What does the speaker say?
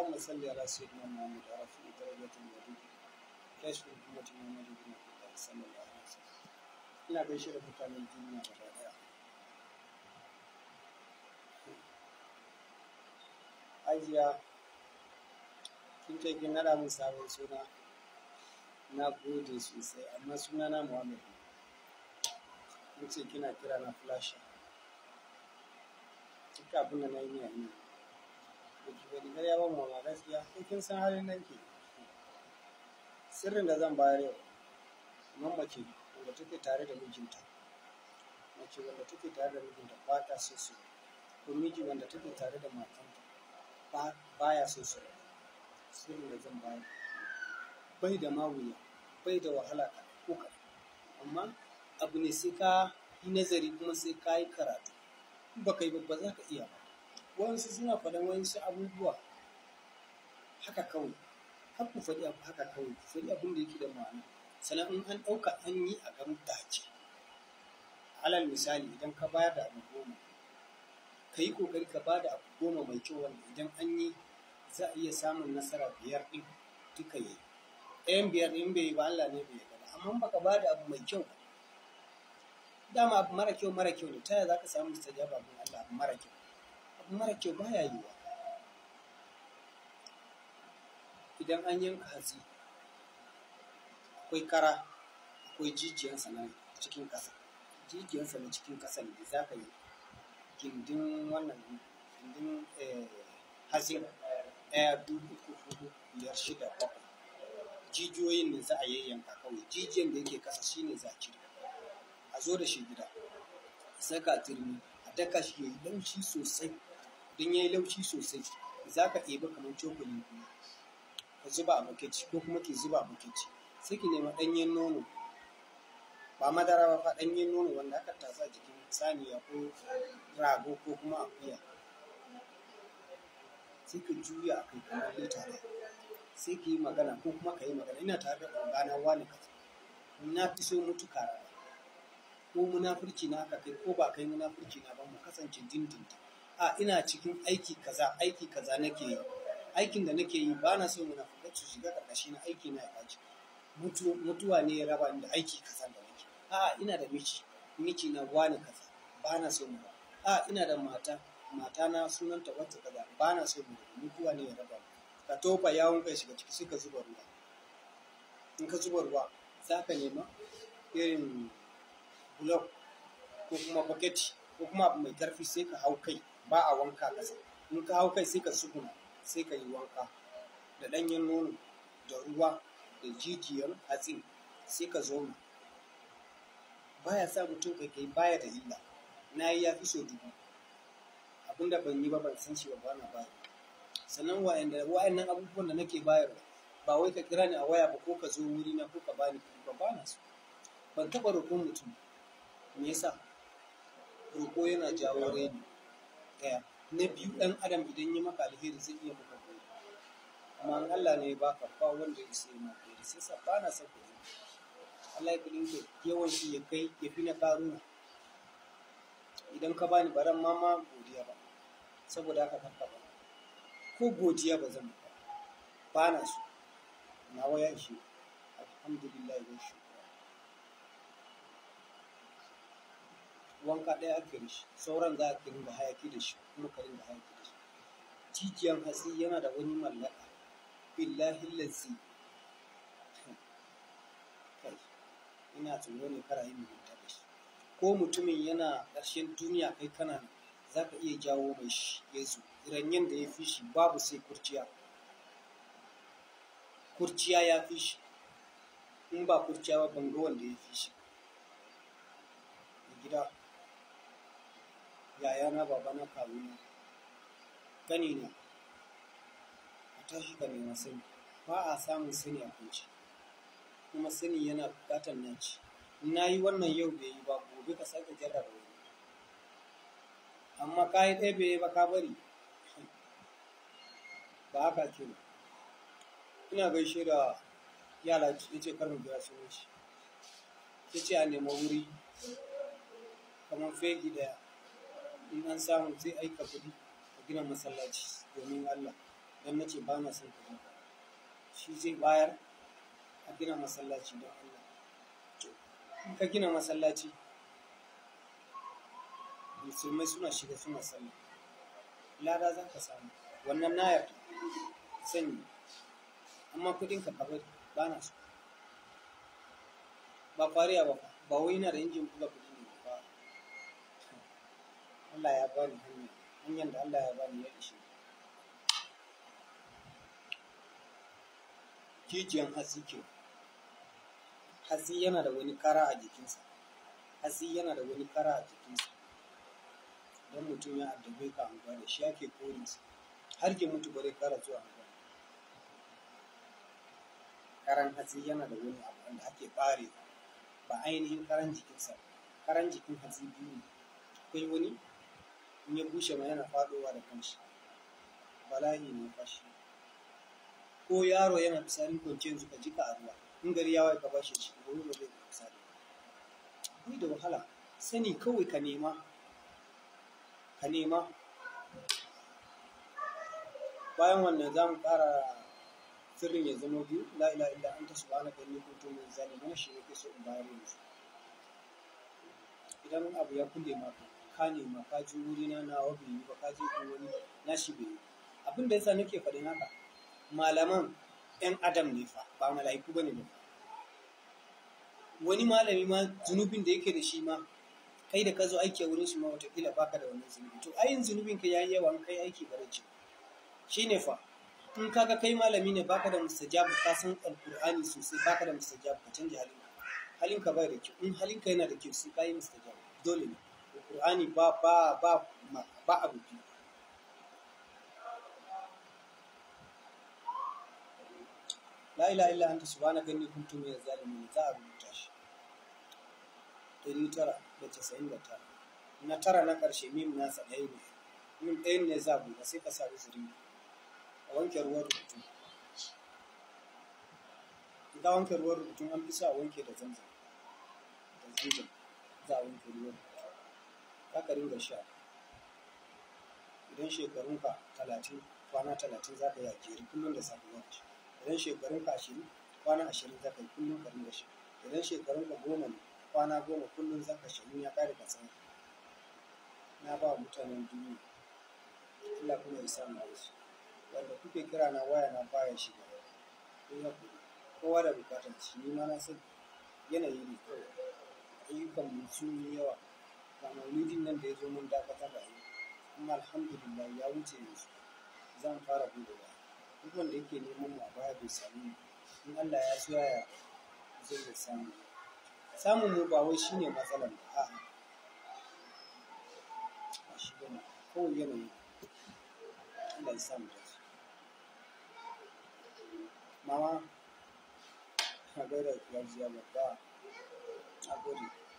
اللهم صل على سيدنا محمد رفيع درجة النبي كشف الأمة محمد بن عبد الله صلى الله عليه وسلم ina gaishe da mutanen duniya gaba daya ajiya kin ce kin nada min sabon suna na gode sosai amma suna na muhammad kin ce kina kira na flasha duk abin na yi ne ku shi bane har ya ban mama gaskiya ko kin san halin nan ke sirrin da zan bayar yau nan mace wanda take tare da mijinta mace wanda take tare da mijinta ba ta so su ko miji wanda take tare da matanta ba ya so su sirrin da zan bayar bai da mawuya bai da wahala ko amma abu ne sai ka yi nazari kuma sai ka yi karatu ba kai ba za ka iya ba wasu suna faɗan waɗansu abubuwa haka kawai har ku faɗi abu haka kawai ku faɗi abin da yake da ma'ana sannan in an ɗauka an yi a gan dace alal misali idan ka bayar da abu goma ka yi ƙoƙari ka ba da abu goma mai kyau wanda idan an yi za a iya samun nasara biyar ɗin duka yi ɗayan biyar ɗin bai yi ba Allah ne bai yarda ba amma baka ba da abu mai kyau dama abu mara kyau mara kyau ne ta yaya za ka samu mustajaba abin Allah abu mara kyau mara kyau baya wa idan an yanka hatsi akwai kara akwai jijiyansa na cikin ƙasa jijiyansa na cikin ƙasa ne za ka yi gindin wannan gindin eh, hatsin ɗaya dubu uku hudu biyar shida bakwai jijiyoyin ne za a yayyanka kawai jijiyan da yake ƙasa ne za a cire a zo da shi gida saka turmi a daka shi ya yi laushi sosai idan ya yi laushi sosai za ka ɗebi kamar cokali biyu ka zuba a bukiti ko kuma ki zuba a bukiti sai ki nema ɗanyen nono ba madara ba fa ɗanyen nono wanda aka tasa jikin saniya ko rago ko kuma akuya sai ka juya a kai kamar lita sai ka yi magana ko kuma ka yi magana ina tare da ɗangana wani ka na fi so mutu kara ko munafurci na aka kai ko ba kai munafurci na ba mu kasance dindinta a ina cikin aiki kaza aiki kaza nake yi aikin da nake yi ba na son munafukai su shiga karkashi na aiki na ya mutu mutuwa ne ya raba da aiki kaza da nake a ina da miki miki na wani kaza ba na son mu a ina da mata mata na sunanta wata kaza ba na son mu mutuwa ne ya raba ka tofa yawon kai shiga ciki suka zuba ruwa in ka zuba ruwa za ka nema irin bulok ko kuma baketi ko kuma abu mai karfi sai ka hau kai ba a wanka kasa in ka hau kai sai ka sukuna sai ka yi wanka da ɗanyen nono da ruwa da jijiyar hatsi sai ka zo Ba baya sa mutum kai kai baya da illa na yi ya fi so dubu abinda ban yi ba ban san shi ba bana bayar sannan wa'annan abubuwan da nake bayarwa ba wai ka kira ni a waya ba ko ka zo wuri na ko ka bani ba ba na so ban taɓa roƙon mutum me yasa roƙo yana jawo reni ɗaya na biyu ɗan adam idan ya maka alheri zai iya maka gobe amma an Allah ne ba ka ba wanda ya sai maka alheri sai sa ba na son kuɗi Allah ya kuɗin yawan shi ya kai ya fi na ƙaruna idan ka bani baran ma ma godiya ba saboda haka kanka ba ko godiya ba zan ba ba na so Na waya shi. alhamdulillah ya shi wanka ɗaya ake da shi sauran za ka da hayaki da shi kuma ka da hayaki da shi jijiyan hatsi yana da wani mallaka billahi lazi ina tsoro ne kara yin mugunta da shi ko mutumin yana ƙarshen duniya kai kana za ka iya jawo mai shi ya zo yadda ya fi shi babu sai kurciya kurciya ya fi shi in ba kurciya ba ban ga ya fi shi gida yayana babana gani ganina a tashi ga nema sani ba a samun sani a kunci kuma sani yana bukatar ci. na yi wannan yau bai yi ba gobe ka sake jarraba wani amma ka yi ɗaya bai yi ba ka bari ba haka ke ba ina gaishe da yara ya ce karin biya sun wuce ya ce a nemi wuri kamar fegi daya in an samu sai aika kuɗi a gina masallaci domin Allah don na ce ba na son kuɗin shi zai bayar a gina masallaci don Allah in ka gina masallaci musulmai suna shiga suna sallah lada za ka samu wannan na yarda sani amma kuɗin ka ba na so ba fariya ba ba wai na da injin buga kuɗi Allah ya bani hanya hanyar da Allah ya bani ya ishe kijiyan hatsi ke hatsi yana da wani kara a jikinsa hatsi yana da wani kara a jikinsa don mutum ya addabe ka anguwa da shi ake su, har ke mutu bare kara zuwa anguwa karan hatsi yana da wani abu da ake bare ba ainihin karan jikinsa karan jikin hatsi biyu ne akwai wani in ya bushe ma yana faɗowa da kanshi bala'i ne fashi ko yaro yana fitsarin kwanciyar zuka jika a ruwa in gari ya ka bashi shi gobe ba zai fitsari ni da wahala sani kawai ka nema ka nema bayan wannan za mu ƙara sirrin ya zama biyu la ila illa anta subhanaka inni kuntu zane mana shi ne ke so in bayar yanzu idan abu ya kulle maka ka nema ka ji wurina na bai yi ba ka je ko wani na shi bai yi abin da yasa nake faɗin haka malaman yan adam ne fa ba mala'iku ba ne ba wani malami ma zunubin da yake da shi ma kai da ka zo aiki a wurin shi ma watakila baka da wannan zunubi to ayin zunubin ka yayi yawa kai aiki barci ne fa in kaga kai malami ne baka da mustajab ka san alqur'ani sosai baka da mustajab ka canja halin halinka bai da kyau in halinka yana da kyau sai ka yi mustajab dole ne Qur'ani ba ba ba ba abu la ilaha illa anta subhanaka inni kuntu minaz zalimin za a rubuta shi 999 na tara na karshe mim nasa ɗaya ne mim ɗayan ne za buɗe sai ka sa uzuri a wanke ruwan rubutu idan wanke ruwan rubutun an fi sa wanke da zamzam da zamzam za a wanke ruwan ka dinga sha idan shekarunka talatin kwana talatin za ka yi a jeri kullum da safe za ka sha idan ashirin kwana ashirin za ka yi kullum ka dinga sha idan shekarun goma ne kwana goma kullum za ka sha ya ƙare ka tsaya na ba mutanen duniya Allah kuma ya sa mu su wanda kuke kira na waya na baya shiga kowa da bukatar shi ni ma na san yanayi ne kawai ayyukan mu sun yi yawa ga maulidin nan da ya zo mun dakatar da kuma alhamdulillah ya wuce yanzu zan fara budewa duk wanda yake neman mu a baya bai samu in Allah ya so ya zai ya samu samun mu ba wai shine matsalar ba a'a ba shi ne. kawai yanayi Allah ya samu da su mama a gaida gajiya babba a gode